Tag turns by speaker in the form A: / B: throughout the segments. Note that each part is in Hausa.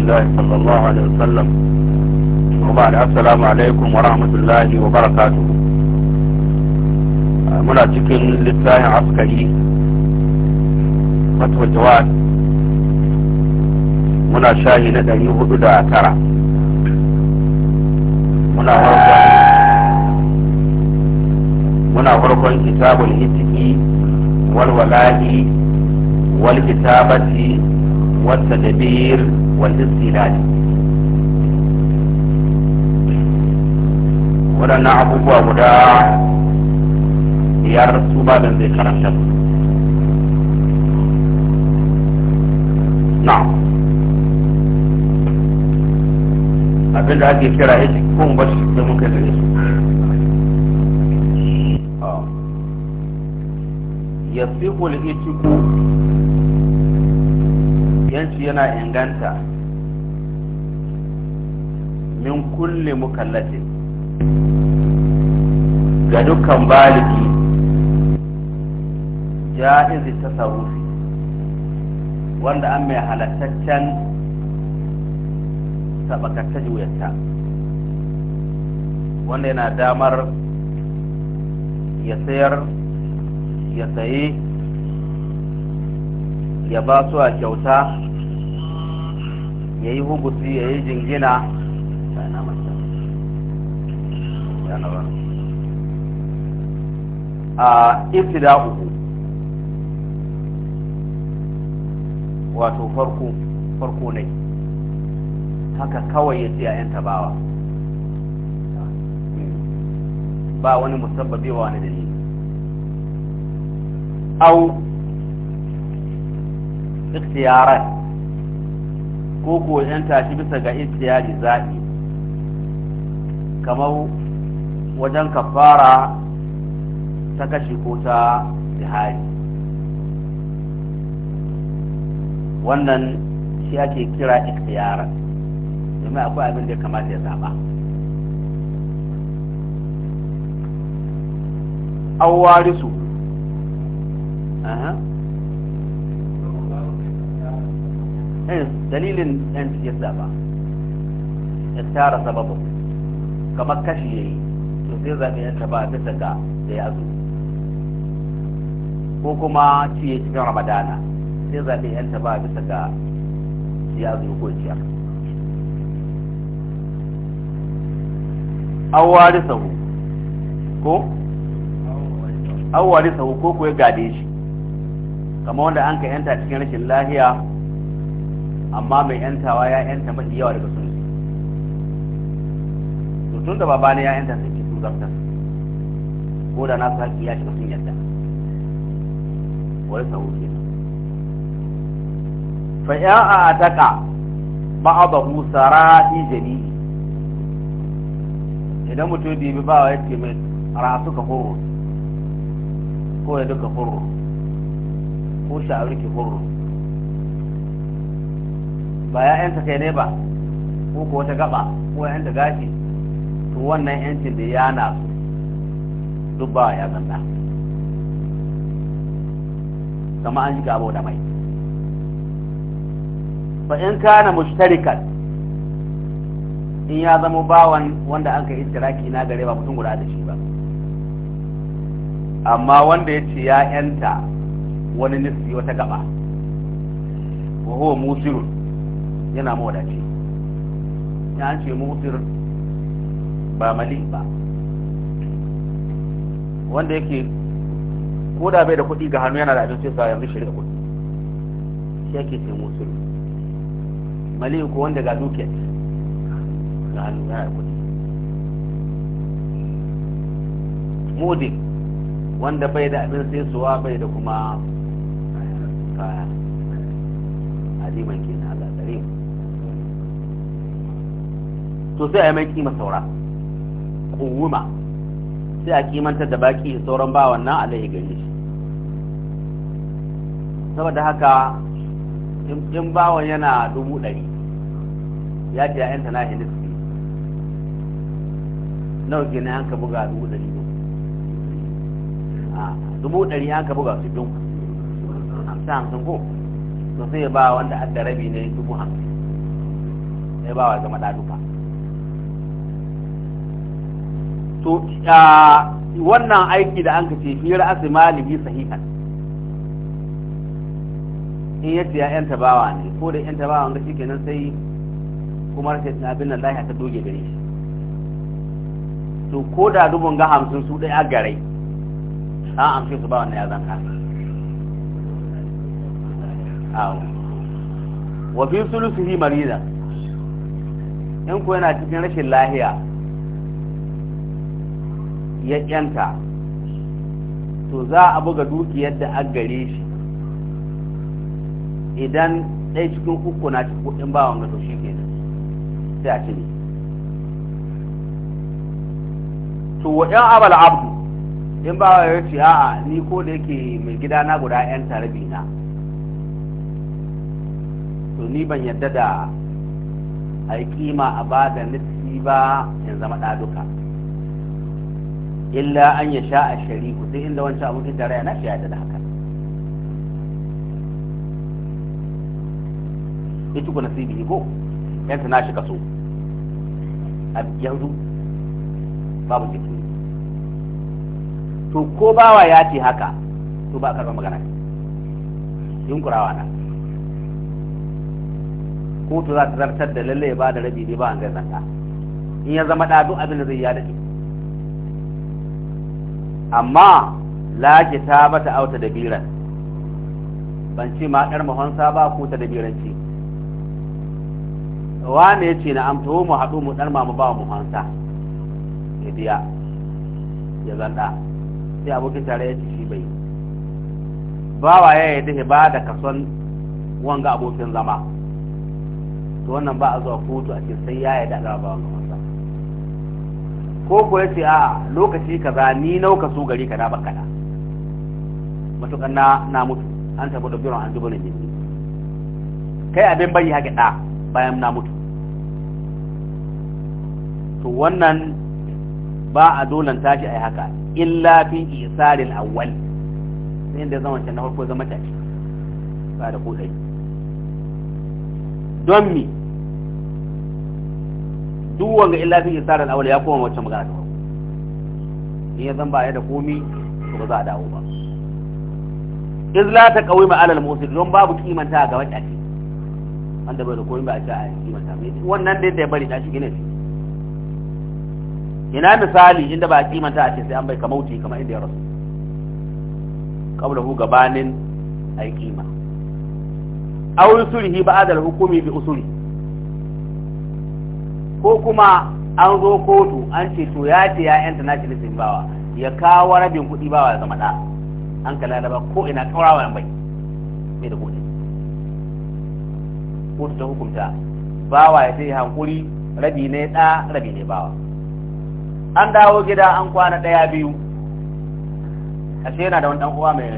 A: الله صلى الله عليه وسلم وبعد السلام عليكم ورحمة الله وبركاته منا تكن للساهي عسكري فتوى جواد منا شاهي ندعي هدودا أترى منا هرقا منا هرقا كتاب الهتك والولاي والكتابة والتدبير والتدبير والاستدلال abubuwa guda ودا يا رسول الله ذي كرمته نعم abin da ake kira ya ci kun ba shi da muka da su ya fi
B: yanci yana inganta
A: min kulli mukallati ga dukkan baliki
B: ta sarufi, wanda an mai halattaccen sabakatta juyarta wanda yana damar ya sayar ya saye ya ba su a kyauta ya yi hugusi ya yi jingina na manta a wato farko farko ne haka kawai ya ce a 'yan tabawa ba wani musabbabi wa wani dalili au ikhtiyarat ko ko 'yan tashi bisa ga ikhtiyari zaɓi kamar wajen kafara ta kashi ko ta zihari wannan shi ake kira ikhtiyaran domin akwai abin da ya kamata ya zaba
A: an eh, dalilin yan
B: ya zaba ya tara sababu. kamar kashi ya yi to sai zaminanta ba bisa ga da ya zo ko kuma ciye cikin ramadana sai zaminanta ba bisa ga ya zo ko ciyar
A: an sahu ko an sahu ko kuwa gade shi
B: kamar wanda an ka yanta cikin rashin lahiya amma mai yantawa ya yanta mafi yawa daga sun tun da baba ne ya yanta sai ki sun zartar ko da nasu haƙi ya shiga sun yadda wani sahu ke fa ya a ataka ba'adahu sara'i jami'i idan mutum bibi ba ya ce mai rasu ka horo ko ya duka horo ko sha'ari ki horo ba ya yanta kai ne ba ko ko wata gaba ko ya yanta gashi wannan yancin da ya na su duk ba ya zanta kama an shiga abu da mai fa in kana mushtarikan in ya zama bawan wanda an ka tiraki na gare ba mutum guda da shi ba amma wanda ya ce ya yanta wani nufi wata gaba wa huwa musirun yana mawadaci ya ce musirun ba mali ba wanda yake ko da bai da kuɗi ga hannu yana da abin sai sa yanzu shirya kuɗi shi yake ce musul mali ko wanda ga dukiya ga hannu yana da kuɗi mudi wanda bai da abin sai suwa bai da kuma kaya aliman kenan Allah tsare to sai a yi mai kima saura ƙuwuma sai a kimantar da baki sauran ba wannan alaihi gare shi saboda haka in bawan yana dubu ɗari ya ce yayan ta na hiliski nawa ke na yanka buga dubu ɗari ah, dubu ɗari yanka buga su dun hamsin hamsin ko to sai ba wanda adda rabi ne dubu hamsin sai ba wa zama ɗaduka to wannan aiki da an ka ce fira asi malibi sahihan in yace ya yan tabawa ne ko da yan tabawa ga shi kenan sai kuma rashin abin nan lahiya ta doge gare shi to ko da dubun ga hamsin su ɗaya garai a amshe su ba wannan ya zan kasa wa fi hi marida in ko yana cikin rashin lahiya ya kyanta to za a buga dukiyar da an gare shi idan ɗaya cikin uku na ci kuɗin bawan ga shi ke sai a ne to wa ɗan abal abdu in ba ya ce a'a ni ko da yake mai gida na guda yan tarabi na to ni ban yadda da a kima a ba da nufi ba in zama ɗaduka illa an ya sha a shari'u duk inda wancan abokin raya na fiye da haka ita ku nasibi ko yanta na shi kaso a yanzu babu jiki to ko bawa ya ce haka to ba a karɓar magana yunkurawa na kotu za ta zartar da lalle ba da rabi ne ba an zai in ya zama ɗa duk abin da zai ya daɗe amma la auta da biran ban ce ma dar mahonsa ba ko tadbiranci wane yace na amto mu haɗu mu dar mamu ba mu hansa ya biya ya zanda sai abokin tare ya ci shi bai bawa ya yi ba da kason wanga abokin zama to wannan ba a zuwa kotu a ce sai ya yi da ba ko ko ce a lokaci kaza ni nauka su gari kaza na matukan na na mutu an tabu da biron an dubo ne kai abin bari haka da bayan na mutu to wannan ba a dolan tashi ai haka illa fi isaril awwal sai inda zaman can na farko zama tashi ba da kodai don mi duk wanga illa fi isarar awal ya koma wacce magana ta in ya zan ba ya da komi to ba za a dawo ba iz la ta qawi ma al musil don babu kimanta ga wacce ake wanda bai da komi ba a ce a kimanta me wannan dai da ya bari tashi shi gine shi ina misali inda ba a kimanta a ce sai an bai kamauti kamar inda ya rasu hu gabanin ay kima aw yusulhi ba'da al-hukumi bi usuri. ko kuma an zo kotu an ce to ya ce ya yanta na cilisin bawa ya kawo rabin kuɗi bawa zama ɗa an kala da ba ko ina kaurawa yan bai bai da kuɗi kotu ta hukunta bawa ya sai hankuri rabi ne ɗa rabi ne bawa an dawo gida an kwana ɗaya biyu ashe yana da wani ɗan uwa mai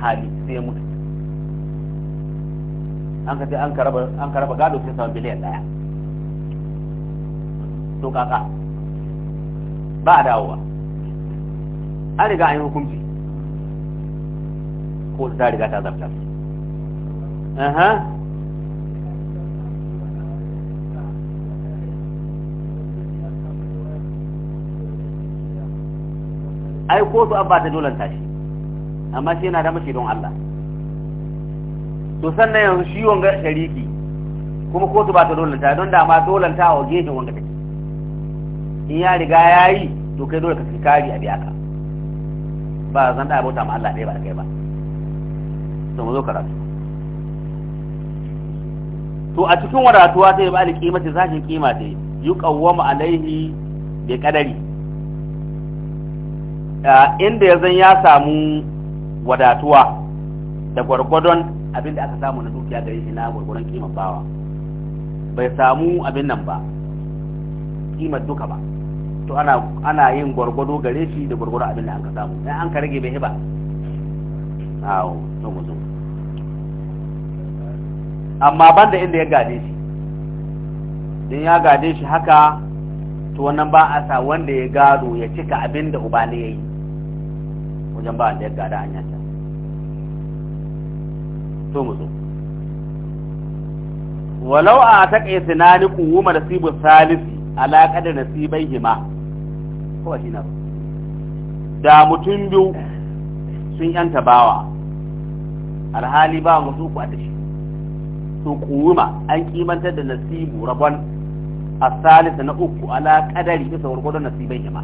B: hali sai ya mutu an ka an ka raba gado sai sama biliyan ɗaya to kaka ba a dawowa an riga an yi hukunci ko ta riga ta zarta ai ko su abba ta dolanta shi amma shi yana da mashi don Allah to sannan yanzu shi wanga shariki kuma kotu ba ta ta don da ma ta a gefen wanga take in ya riga ya yi to kai dole ka fi kari a biya ka ba zan da bauta ma Allah ɗaya ba da kai ba to mu zo karatu to a cikin wadatuwa ta yi ba kima ce, zashin kima ta yi yi kawwama alaihi bi ƙadari inda ya zan ya samu wadatuwa da gwargwadon abin da aka samu na dukiya gare shi na gwargwadon kimar bawa bai samu abin nan ba kimar duka ba to ana ana yin gwargwado gare shi da gwargwado abin da an ka samu dan an ka rage bai hiba awo to mutum amma banda inda ya gade shi din ya gade shi haka to wannan ba a sa wanda ya gado ya cika abin da uba ne yayi wajen ba wanda ya gada hanya ta to mutum walau a taƙaita na ni kuwa da sibin salisi Alaƙa da nasibai hima ko shi na da mutum biyu sun yanta bawa alhali ba musu kwa da shi su kuma an kimantar da nasibu rabon asalisa na uku ala kadari bisa gwargwadon nasibai hima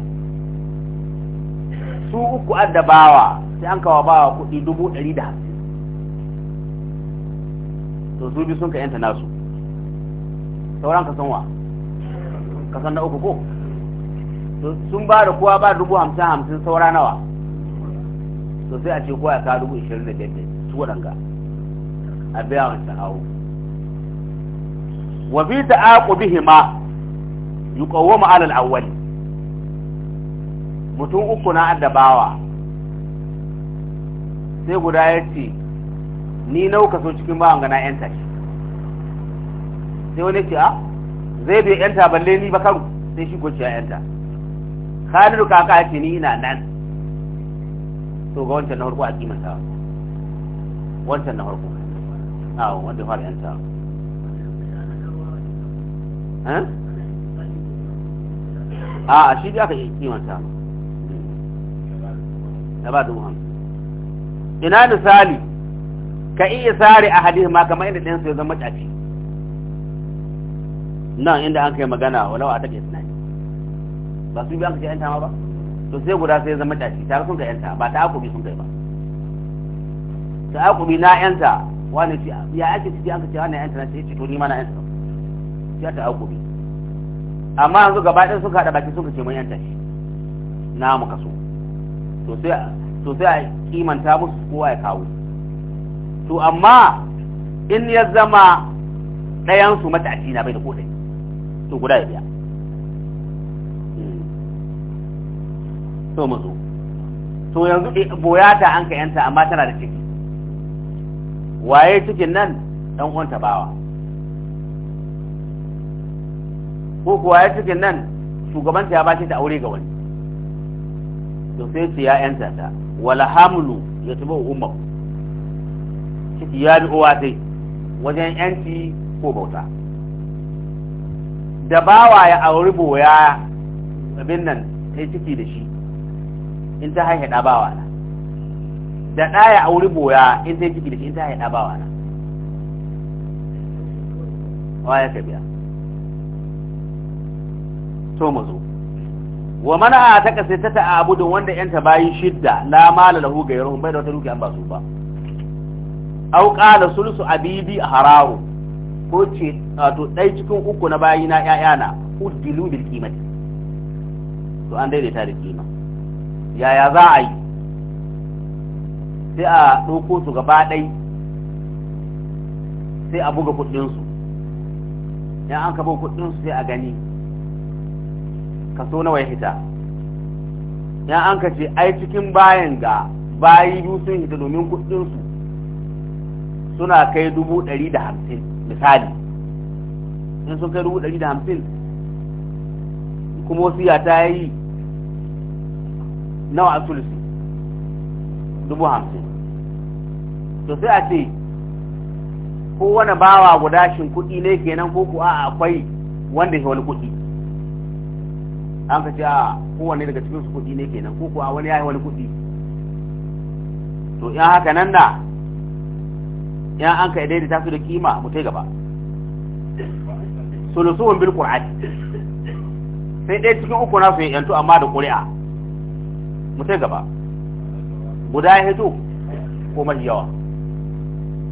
B: su uku adda bawa sai an kawo bawa kuɗi dubu ɗari da hamsin to su bi sun ka yanta nasu sauran ka sanwa kasan na uku ko sun ba da kowa ba dubu hamsin hamsin saura nawa to sai a ce kowa ya kawo dubu ishirin da biyar su waɗanga a biya wancan awo wa fi bihi ma yi kowo al awwali mutum uku na addabawa sai guda ya ce ni nauka so cikin bawan gana yan tashi sai wani ce a ah, zai bai yanta balle ni ba karu sai shi ko ya yanta Khalidu kaka ce ni ina nan to ga wancan na farko a kimanta wancan na farko awo wanda fara yanta a a shi da aka kimanta da ba dubu ina misali ka iya sare a hadisi ma kamar inda ɗansu ya zama ƙafi nan inda an kai magana walau a take isnad ba su bi an kace yanta ma ba to sai guda sai zama tashi tare sun ka yanta ba ta akubi sun kai ba ta akubi na yanta wani ce ya ake ciki an kace wani yanta na ce to ni ma na yanta ya ta akubi amma yanzu gaba ɗaya sun haɗa baki sun kace mun yanta shi na mu kaso to sai to sai a kimanta musu kowa ya kawo to amma in ya zama ɗayansu matashi na bai da kodai Hmm. to guda ya biya to mazo to yanzu eh, boya ta an ka yanta amma tana da ciki waye cikin nan dan uwan bawa ko kuwa ya cikin nan shugabanta ya bashi ta aure ga wani to sai su ya yanta ta wala hamlu ya tuba umma ciki ya bi uwa sai wajen yanci ko bauta da bawa ya auri boya abin nan ta ciki da shi in ta haihe ɗa bawa na da ɗa ya auri boya in ta ciki da shi in ta haihe ɗa bawa na wa ya ka biya to mu zo wa mana a ta kasa ta abudu wanda yanta bayi shidda la mala lahu gairuhum bai da wata dukiya an ba su ba au qala sulusu abibi hararu ko ce wato ɗai cikin uku na bayi na na udilu bil kimati to an daidaita da kima yaya za a yi sai a ɗauko su gaba ɗai sai a buga kuɗinsu yan an ka buga kuɗinsu sai a gani kaso nawa ya fita yan an ka ce ai cikin bayan ga bayi biyu sun hita domin kuɗinsu suna kai dubu ɗari da hamsin misali in sun kai dubu ɗari da hamsin kuma wasiya ta yi nawa a sulusi dubu hamsin to sai a ce Ko wani bawa guda shin kuɗi ne kenan ko kuwa akwai wanda ya wani kuɗi an ka ce a kowane daga cikin su kuɗi ne kenan ko kuwa wani ya yi wani kuɗi to in haka nan da ya an ka daidaita su da kima mu ta gaba sulusuhun bil qur'ani sai dai cikin uku na su yantu amma da qur'a mu ta gaba guda ya hito ko mai yawa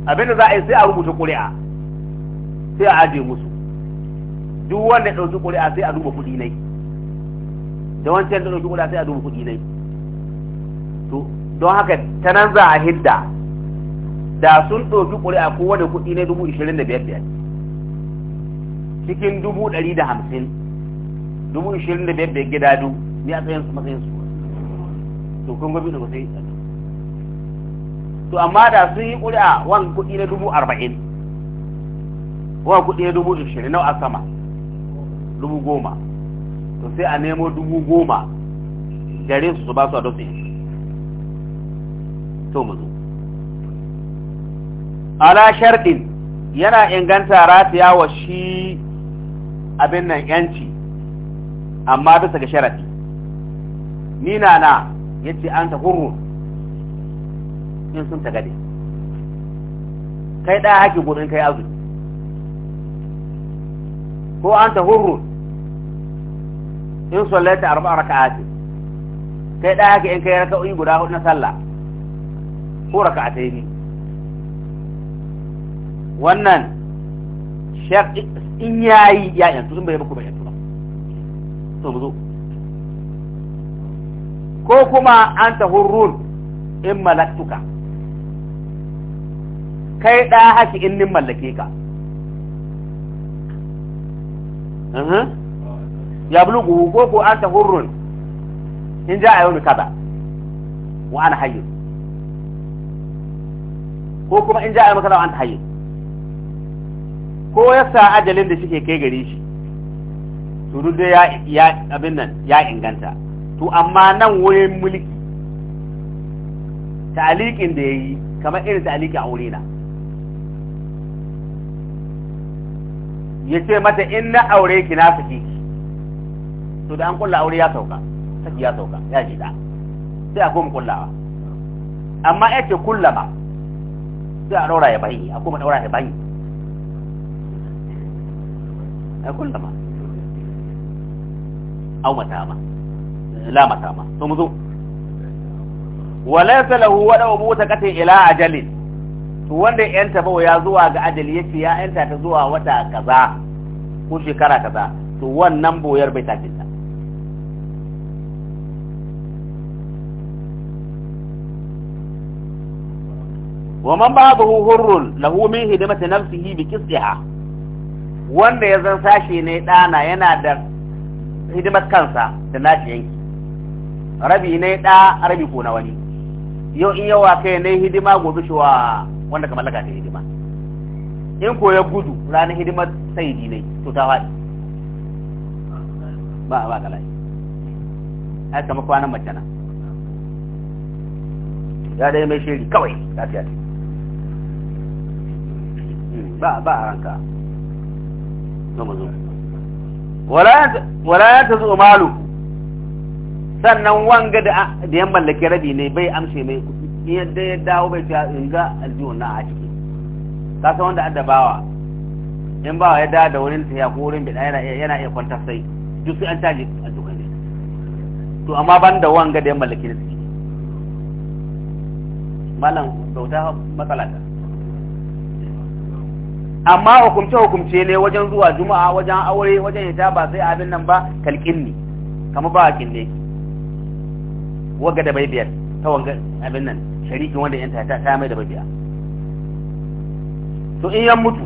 B: abinda za a yi sai a rubuta qur'a sai a aje musu duk wanda ya dauki qur'a sai a duba kudi nai da wancan da dauki qur'a sai a duba kudi nai to don haka tanan za a hidda da sun ɗauki ƙuri'a ko wani kuɗi ne dubu ishirin da biyar biyar cikin dubu ɗari da hamsin dubu ishirin da biyar biyar gida du ni a tsayin su matsayin su to kun gobe da sai to amma da sun yi ƙuri'a wan kuɗi na dubu arba'in wan kuɗi na dubu ishirin nau a sama
A: dubu goma to sai a nemo dubu goma
B: gare su su ba su a dutse to mu zo ala sharɗin yana inganta ratiya wa shi abin nan yanci amma bisa ga sharaɗi Ni na ya ce an ta hurru in sun ta gade kai ɗaya haƙi gudun kai azu. ko an ta hurru in sallata arba'a raka'ati kai ɗaya haƙi in kai raka'o'i guda hudu na sallah ko ni. wannan shek in ya yi yanzu sun bai muku bai yanzu to mu zo ko kuma an tahurrun in malaktuka kai da haki in nin mallake ka ya bulugu ko ko an tahurrun in ja a yau kaza wa an hayyin ko kuma in ja a yau kaza wa an tahayyin ko ya sa ajalin da suke kai gare shi to duk ya ya abin nan ya inganta to amma nan wurin mulki ta'aliqin da yayi kamar irin ta'aliqin aure na yace mata in na aure ki na saki to da an kulla aure ya sauka saki ya sauka ya ji da sai a koma kullawa amma yace kullama sai a daura ya bayi a koma daura ya bayi ai kullama aw matama la matama to walaysa lahu ila ajalin to wanda yanta bawa ya zuwa ga ajali yace ya yanta ta zuwa wata kaza ko shekara kaza to wannan boyar bai tafi ta ومن بعضه هر له من هدمة نفسه بكسها wanda ya zan sashi ne ɗana yana da hidimar kansa da nashi yanki rabi ne ɗa rabi ko na wani yau in yawa kai ne hidima gobe shi wa wanda ka mallaka ta hidima in ko ya gudu ranar hidimar yi ne to ta faɗi ba a ba ka layi ai kwanan mace na ya dai mai shiri kawai lafiya hmm, ba ba a ranka na mazo wala ya malu sannan wanga da da yan mallake rabi ne bai amshe mai kuɗi yadda ya dawo bai ta ah, inga aljihun na a ciki ka san wanda bawa, in bawa ya dawo da wurin tafiya ko wurin bida yana iya kwantar sai duk sai an caji aljihun ne to amma ban da wanga da yan mallake rabi malam bauta matsala amma hukumce hukumce ne wajen zuwa juma'a wajen aure wajen hita ba sai abin nan ba kalkin ne kama ba kin ne waga da baibiyar ta wanga abin nan sharikin wanda yanta ta ta mai da baibiya to in yan mutu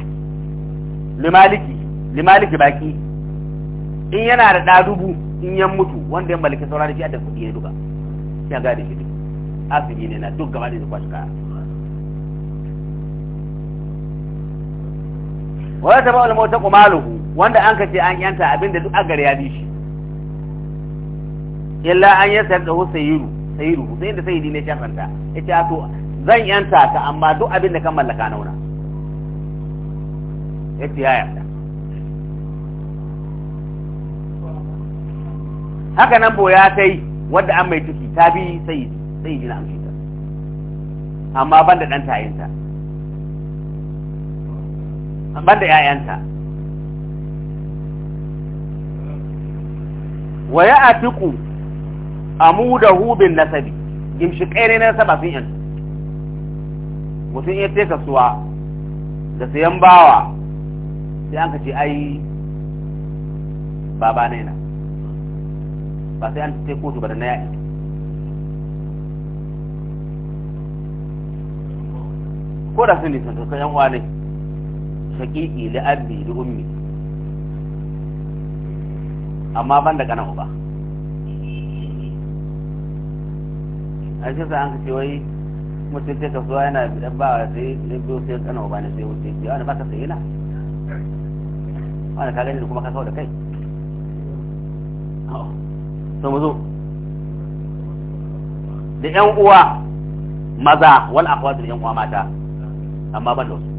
B: limaliki limaliki baki in yana da da dubu in yan mutu wanda ya mallaki saurari da shi a da kuɗi ne duka sai ga da shi duk asibi ne na duk gaba da shi kwashi kaya wa ta ba'ul al-mauta wanda an kace an yanta abinda duk agar ya bi shi illa an yasa da sayiru sayiru sai da sayidi ne ranta yace to zan yanta ka amma duk abinda kan mallaka nauna yace ya yanta haka nan boya ta yi wadda an mai ciki ta bi sayidi sayidi na amshi ta amma ban da dan tayinta da ‘ya’yanta. wa ya atiku amudahu bin nasabi gimshi ne na nasaba sun yanzu mutum ya ce suwa da sayan bawa sai an ka ai baba na ba sai an ce kotu ba da na yaƙi ko da sun nisan to kan yan uwa ne haƙiƙi da abi da ummi amma ban da kanan uba a cikin sa an ka ce wai mutum ce kasuwa yana bidan ba sai ya biyo sai kanan uba ne sai wuce ya wani ka sayi na wani ka gani da kuma ka kawo da kai so mu zo da yan uwa maza wal akwatu yan uwa mata amma ban da wasu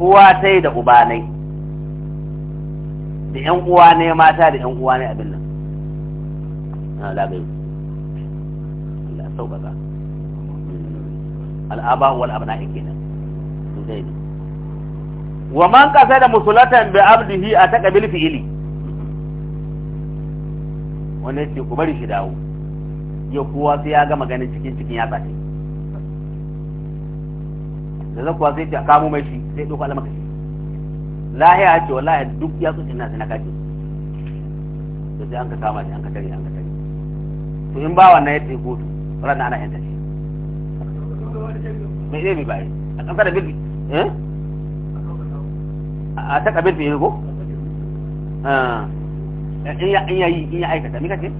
B: uwa ta da uba ne da yan uwa ne mata da yan uwa ne abin nan na labai Allah sauƙaƙa al'aba wal abna kenan su dai ne wa man da musulatan bi abdihi ataka bil fi'ili wannan ce ku bari shi dawo yau kowa sai ya gama ganin cikin cikin ya tsaye da kuwa sai ta kamo mai shi sai ɗauko alamaka shi lahiya ce wa lahiya duk ya tsuci na sai na kace da sai an ka kama shi an ka tare an ka tare to in ba wannan ya tsaye kotu ranar ana yanta shi mai ɗaya mai bayi a ƙasa da bilbi eh a ta kabir fiye ko eh, in ya yi in ya aikata mika ce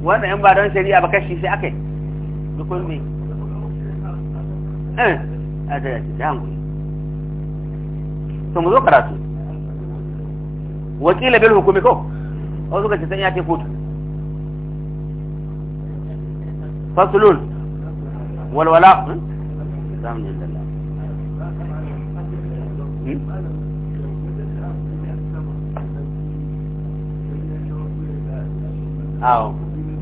B: wannan in ba don shari'a ba kashi sai aka yi dukkan me eh, eh a da shi ta hankali
A: to zo karatu
B: wakila bil hukumi ko wasu ka ce san ce kotu fasulun walwala hmm? alhamdulillah
A: hmm?